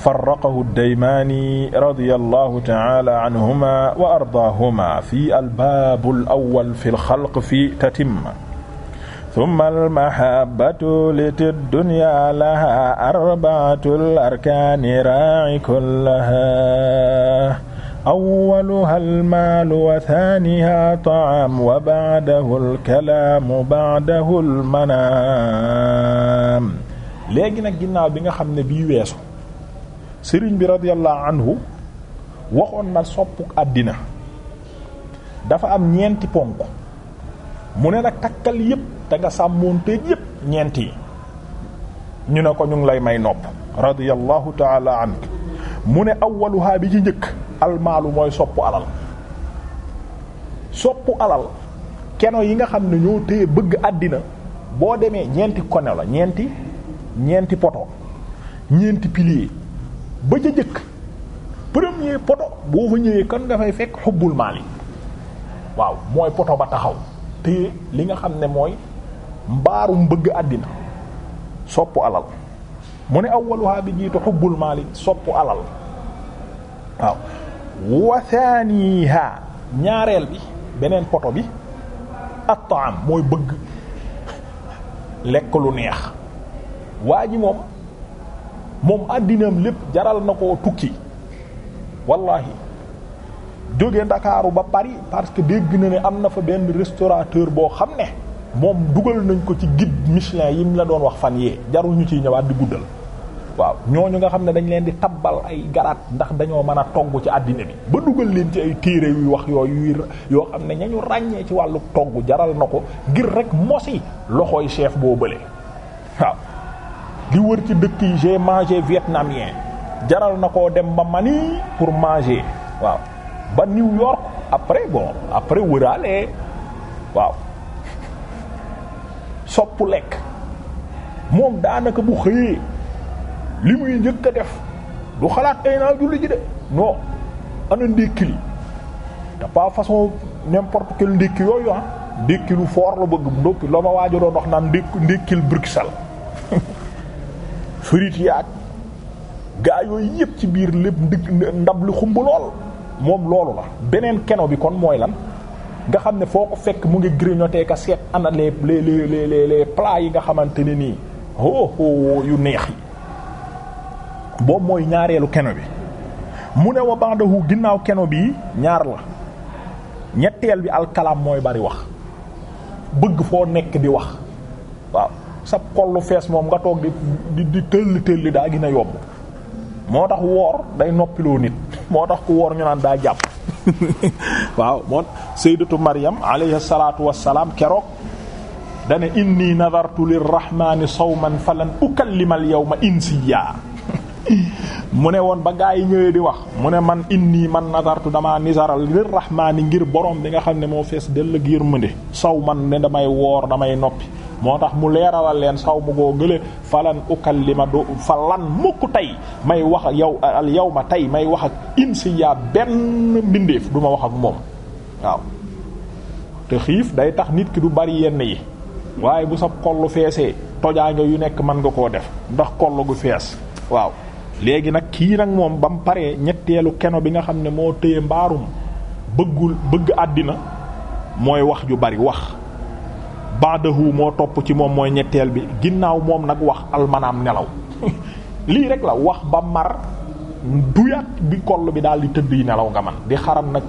farraqahu ad-Daymaani radiyallahu ta'ala anhuma wa ardaahuma fi al-baab al-awwal fi al-khalq fi tatimma thumma al-mahabbatu lid-dunya laha arba'atul arkaani raa'i kullaha awwaluha al-maalu wa thaaniha ta'aam wa ba'dahu al-kalaamu ba'dahu al-manaam léegi nag ginnaaw bi nga xam ne bii weesu sëriñ bi radiyallahu anhu waxoon na soppu àddina dafa am ñeenti ponk mu ne nag takkal yépp te nga sàmmoonteeg yépp ñeenti ñu ne ko ñu ngi lay may nopp radiyallahu taala anhu mu ne awwaluha bi ci njëkk almaalu mooy soppu alal soppu alal keno yi nga xam ne ñoo téye bëgg àddina boo demee ñeenti kone la ñeenti ñeenti poto ñeenti pilier ba ca jëkk premier poto boo fa ñëwee kan nga fay fekk xubbul maali waaw mooy poto ba taxaw te li nga xam ne mooy mbaarum bëgg àddina sopp alal mu ne awwaluha bi jiitu xubbul maali sopp alal waaw ñaareel bi beneen poto bi at-ta'am mooy bëgg lekk lu neex waa ji moom moom àddinaam lépp jaral na ko tukki wallahi jóge ndakaaru ba Paris parce que dégg na ne am na fa benn restaurateur boo xam ne moom dugal nañ ko ci guide Michelin yi mu la doon wax fan yee jaruñu ñu ñëwaat di guddal waaw ñoo ñu nga xam ne dañ leen di tabbal ay garaat ndax dañoo mën a togg ci àddina bi ba dugal leen ci ay téere yuy wax yooyu yoo xam ne ñañu ràññee ci wàllu togg jaral na ko ngir rek mosi loxooy chef boo bële waaw di wër ci dëkk yi j'ai mangé vietnamien jaral na koo dem ba Mali pour manger waaw ba New York après bon après wëraale waaw soppu lekk moom daanaka bu xëyee li muy njëkk a def du xalaat ay naa julli ji de non ana ndékki li te pas façon n'importe quel ndékki yooyu ah ndékki lu la bëgg ndokki la ma waajo doon wax naan ndékk ndékkil Bruxelles fërit yaag gaa yooyu yëpp ci biir lépp ndig ndab li xumb lool moom loolu la beneen keno bi kon mooy lan nga xam ne foo ko fekk mu ngi grignoter ka seet ana les les les les les yi nga xamante ne nii oh oh yu neex yi boobu mooy ñaareelu keno bi mu ne wa ba'dahu ginnaaw keno bii ñaar la ñetteel bi alkalaam mooy bari wax bëgg foo nekk di wax waaw sa kollu fees moom nga toog di di di tëlli tëlli daa gën a yomb moo tax woor day noppiloo nit moo tax ku woor ñu naan daa jàpp waaw moo sayyidatu Maryam alayha salaatu wassalaam keroog dane inni nadartu lirrahmani sawman falan ukallima al yawma insiya mu ne woon ba gaa yi ñëwee di wax mu ne man inni man nadartu damaa nisaral lirrahmani ngir borom bi nga xam ne moo fees dell ak yërmande saw man ne damay woor damay noppi moo tax mu leeralal leen saw mu koo gële li ma du falan mukk tey may wax ak yow al yow ma tey may wax ak insiya benn mbindeef du ma wax ak moom waaw te xiif day tax nit ki du bari yenn yi waaye bu sab kollu feesee tojaange yu nekk mën nga koo def ndax kollu gu fees waaw léegi nag kii nag moom ba mu paree ñetteelu keno bi nga xam ne moo téye mbaarum bëggul bëgg àddina mooy wax ju bari wax baadahu moo topp ci moom mooy ñetteel bi ginnaaw moom nag wax almanaam nelaw lii rek la wax ba mar duyat bi kol bi daal di tëdd yi nelaw nga man di xaram nag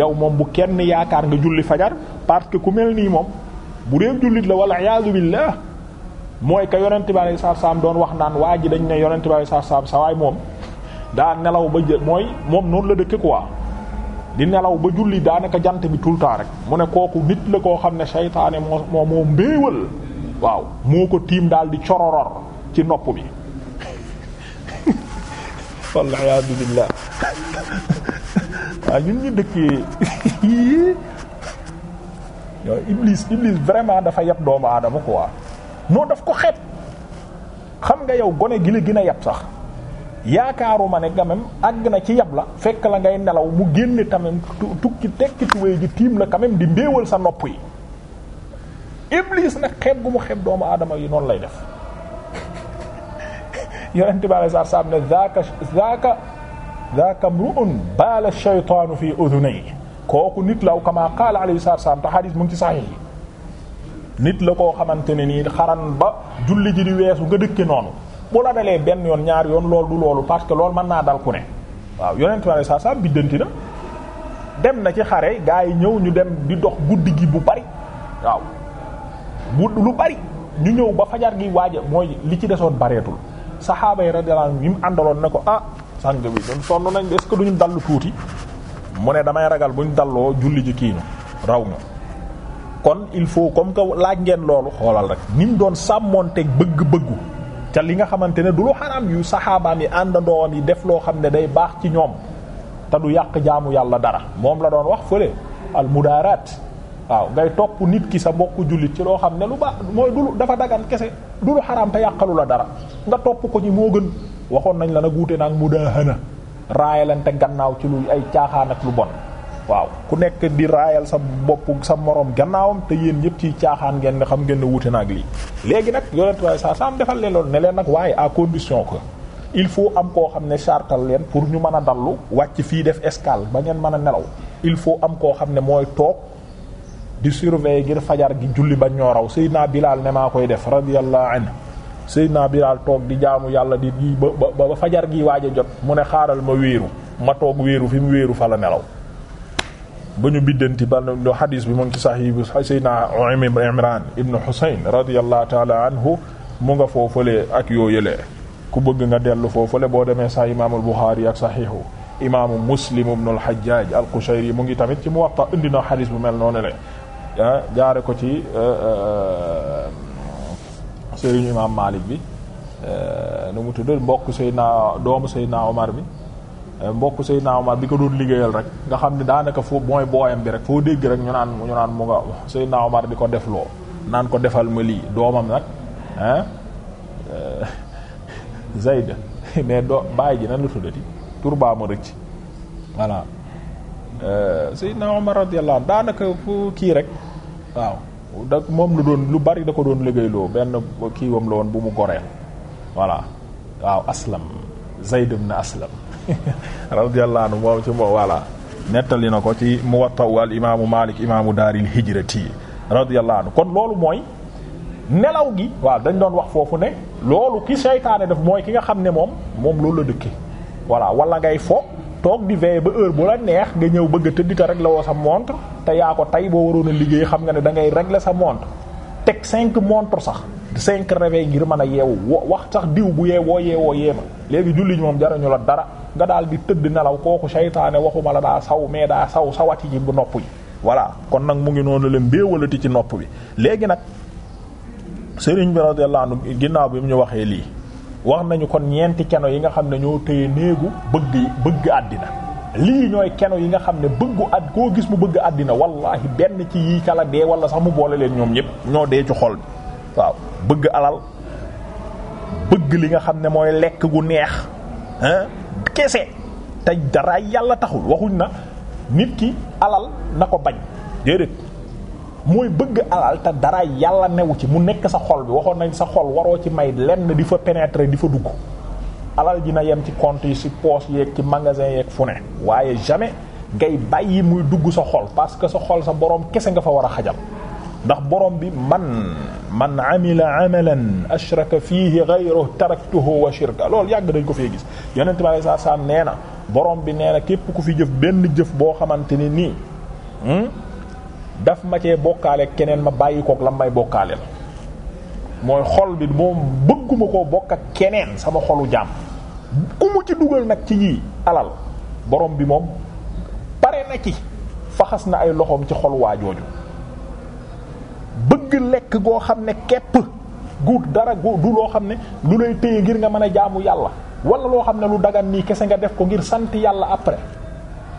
yow moom bu kenn yaakaar nga julli fajar parce que ku mel nii moom bu dee jullit la wala iyaazu billah mooy ka yonent bi alayhi salaam doon wax naan waa ji dañ ne yonent bi alayhi salaam sa waay moom daa nelaw ba jë mooy moom noonu la dëkk quoi. di nelaw ba julli daanaka jant bi tout le temps rek mu ne kooku nit la koo xam ne saytaane moo moo moo mbéewal waaw moo ko tiim daal di cororor ci nopp bi wallaahi billah waaw ñun ñu dëkkee yow Iblis Iblis vraiment dafa yab doomu aadama quoi moo daf ko xeeb xam nga yow gone gi la gën a yab sax yaakaaruma ne gamem àgg na ci yab la fekk la ngay nelaw mu génne tamit tukki tekki tuwee ji tiim la quand di mbéewal sa nopp yi iblis nag xeeb gu mu xeeb doomu aadama yi noonu lay def yonent bi alei satu salaam ne zaaka zaaka zaaka mru'un baala nit law kama qaala alayhi mu ngi ci saxiix nit la koo xamante ne nii xaran ba julli ji di nga dëkke noonu bu la benn yoon ñaar yoon loolu du loolu parce que loolu mën naa dal ku ne waaw yonent ma ne saa saa biddanti na dem na ci xare gaa yi ñëw ñu dem di dox guddi gi bu bari waaw bu lu bari ñu ñëw ba fajar gi waaja mooy li ci desoon bareetul saxaaba yi radiyallahu anhum mu àndaloon ne ko ah sang bi ñun sonn nañ est-ce que duñu dallu tuuti mu ne damay ragal bu ñu dalloo julli ji kiinu raw ma kon il faut comme que laaj ngeen loolu xoolal rek ni mu doon sàmmoonteeg bëgg-bëggu ca li nga xamante ne du lu xaraam yu saxaabaam yi àndandoon yi def loo xam ne day baax ci ñoom te du yàq jaamu yàlla dara moom la doon wax fële al mudaaraat waaw ngay topp nit ki sa mbokku jullit ci loo xam ne lu baax mooy du dafa dagan kese du lu xaraam te yàqalu la dara nga topp ko ci moo gën waxoon nañ la nag wuute naag mudaahana raayalante gannaaw ci lu ay caaxaan lu bon. waaw ku nekk di raayal sa bopp sa morom gannaawam te yéen ñëpp ciy caaxaan ngeen nga xam ngeen ne wuute na ak lii. léegi nag yonent waaye saa saam defal leen loolu ne leen nag waaye à condition ko il faut am koo xam ne chartal leen pour ñu mën a dallu wàcc fii def escale ba ngeen mën a nelaw il faut am koo xam ne mooy toog. di surveiller ngir fajar gi julli ba ñooraw Seydina Bilaal ne maa koy def radiyallahu anhu naa Bilaal toog di jaamu yàlla di ba ba fajar gi waaj a jot mu ne xaaral ma wéeru ma wéeru fi mu wéeru fa nelaw ba ñu biddanti ba lu xadis bi mu ngi ci sahih bu sayyidina Imran ibn Husayn taala anhu mu nga foofale ak yoo yële ku bëgg nga dellu foofale boo demee sahih imaamul Buxaari ak sahihu imaamu Muslim ibn al-Hajjaj al-Qushayri mu ngi tamit ci Muwatta indi na xadis bu mel noonu le jaare ko ci uh, uh, sëriñu imaam Maalik bi uh, nu mu tudd mbokk Seydina doomu Seydina bi Eh, mbokk Seydina Omar bi ko doon liggéeyal rek nga xam ne daanaka foo mooy booyam bi rek foo dégg rek ñu naan ñu naan mu nga na Omar di ko def loo naan ko defal ma lii doomam nag ah Zayd mais doo bàyyi ji nan la tuddati turba ma rëcc voilà eh, Seydina Omar radiyallahu anhu daanaka fu kii rek waaw da moom lu doon lu bari da ko doon liggéeyloo benn kiiwam la woon bu mu goreel voilà waaw aslam Zayd ibn aslam radiyallahu anhu moom ci moom voilà nettali na ko ci mu Muwatta al imaamu Maalik imaamu daaril hijrati radiyallahu anhu kon loolu mooy nelaw gi waaw dañ doon wax foofu ne loolu ki seytaane def mooy ki nga xam ne moom moom loolu la dëkke voilà wala ngay fo toog di veiller ba heure bu la neex nga ñëw bëgg a tëdd te régler woo sa montre te yaa ko tey boo waroon a liggéey xam nga ne da ngay régler sa montre teg cinq montre sax cinq réveil ngir mën a yeewu wax sax diw bu yeewoo yeewoo yee léegi julli moom jaruñu la dara nga daal di tëdd nelaw kooku seytaane waxuma la daa saw mais daa saw sawati ci bu nopp yi voilà kon nag mu ngi noonu la mbéewalati ci nopp bi léegi nag sëriñ bi radiyallahu ginnaaw bi mu ñu waxee lii wax nañu kon ñeenti keno yi nga xam ne ñoo téye néegu bëgg bëgg àddina lii ñooy keno yi nga xam ne bëggu at koo gis mu bëgg àddina wallahi benn ci yii kala dee wala sax mu boole leen ñoom ñëpp ñoo dee ci xol bi waaw bëgg alal bëgg li nga xam ne mooy lekk gu neex kese te dara yàlla taxul waxuñ na nit ki alal na ko bañ déedéet mooy bëgg alal te dara yàlla newu ci mu nekk sa xol bi waxoon nañ sa xol waroo ci may lenn di fa pénétrer di fa dugg alal ji na yem ci compte yi ci poche yeeg ci magasin yeeg fu ne waaye jamais ngay bàyyi muy dugg sa xol parce que sa xol sa borom kese nga fa war a xajal ndax borom bi man man amila amalan ashraka fiihi ghayruhu taraktuhu wa shirka loolu yàgg dañ ko fee gis yonente bi alayhi salaam nee na borom bi nee na képp ku fi jëf benn jëf boo xamante ni nii hmm, daf ma cee bokkaale keneen ma bàyyi koog la may bokkaale la mooy xol bi moom bëgguma koo bokk ak keneen sama xolu jaam ku mu ci dugal nag ci yii alal borom bi moom pare na ci faxas na ay loxoom ci xol jooju bëgg lekk goo xam ne kepp gu dara gu du loo xam ne lu lay téye ngir nga mën a jaamu yàlla wala loo xam ne lu dagan nii kese nga def ko ngir sant yàlla après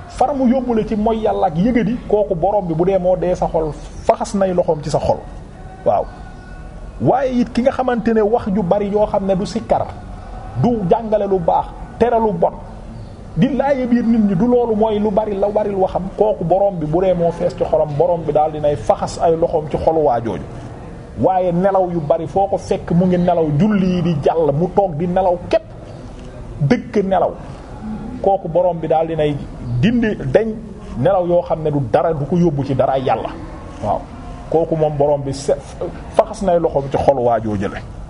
far mu yóbbu la ci mooy yàlla ak yëgadi kooku borom bi bu dee moo dee sa xol faxas nay loxoom ci sa xol waaw waaye it ki nga xamante ne wax ju bari yoo xam ne du sikkar du jàngale lu baax tere lu bon di laaye biir nit ñi du loolu mooy lu bari la waril waxam kooku boroom bi bu ree moo fees ci xolam boroom bi daal dinay faxas ay loxoom ci xolu waa jooju waaye nelaw yu bari foo ko fekk mu ngi nelaw julli yi di jàll mu toog di nelaw képp dëkk nelaw kooku borom bi daal dinay dindi dañ nelaw yoo xam ne du dara du ko yóbbu ci dara yàlla waaw kooku moom borom bi faxas nay loxoom ci xolu waa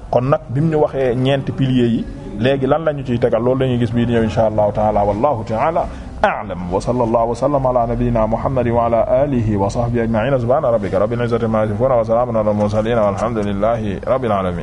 kon nag bi mu ñu waxee ñeenti piliers yi léegi lan la ñu ciy tegal loolu dañuy gis bii di ñëw insha allahu taala wallahu taala a'lam wa sallallahu wa sallama ala nabiyyina muhammadin wa ala alihi wa sahbihi ajma'in subhana rabbika rabbil izzati amma yasifun wa salamun ala al mursalin walhamdulillahi rabbil alamin